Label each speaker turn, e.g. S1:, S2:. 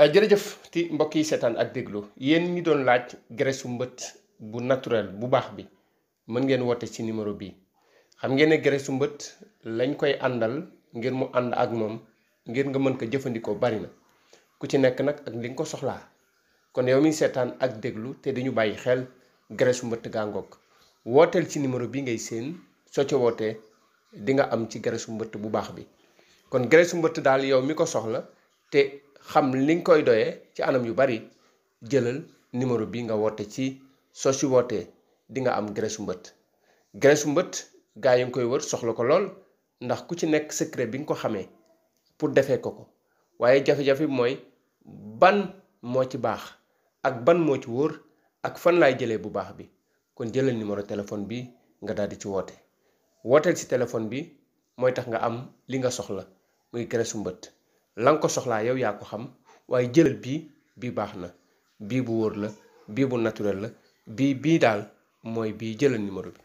S1: Euh, jërëjëf ti mbokk yi seetaan ak déglu yéen ñi doon laaj graisse su mbët bu naturel bu baax bi mën ngeen woote ci numéro bi xam ngeen ne graisse su mbëtt lañ koy àndal ngir mu ànd ak moom ngir nga mën ko jëfandikoo bari na ku ci nekk nag ak li nga ko soxlaa kon yow mi seetaan ak déglu te dañu bàyyi xel graisse su mbët gàngoog wooteel ci numéro bi ngay séen soo ci wootee di nga am ci graisse su mbëtt bu baax bi kon graisse su mbët daal yow mi ko soxla xam li nga koy doyee ci anam yu bari jëlal numéro bi nga woote ci soo si wootee di nga am graisse mbëtt graisse mbëtt gaa yi nga koy wër soxla ko lool ndax ku ci nekk secret bi nga ko xamee pour defee ko ko waaye jafe-jafe bi mooy ban moo ci baax ak ban moo ci wóor ak fan laay jëlee bu baax bi kon jëlal numéro téléphone bi nga daal di ci woote wooteel ci téléphone bi mooy tax nga am li nga soxla muy graisse mbëtt la ko soxlaa yow yaa ko xam waaye jëlal bii bii baax na bii bu wóor la bii bu naturel la
S2: bii bii daal mooy bii jëlal numéro bi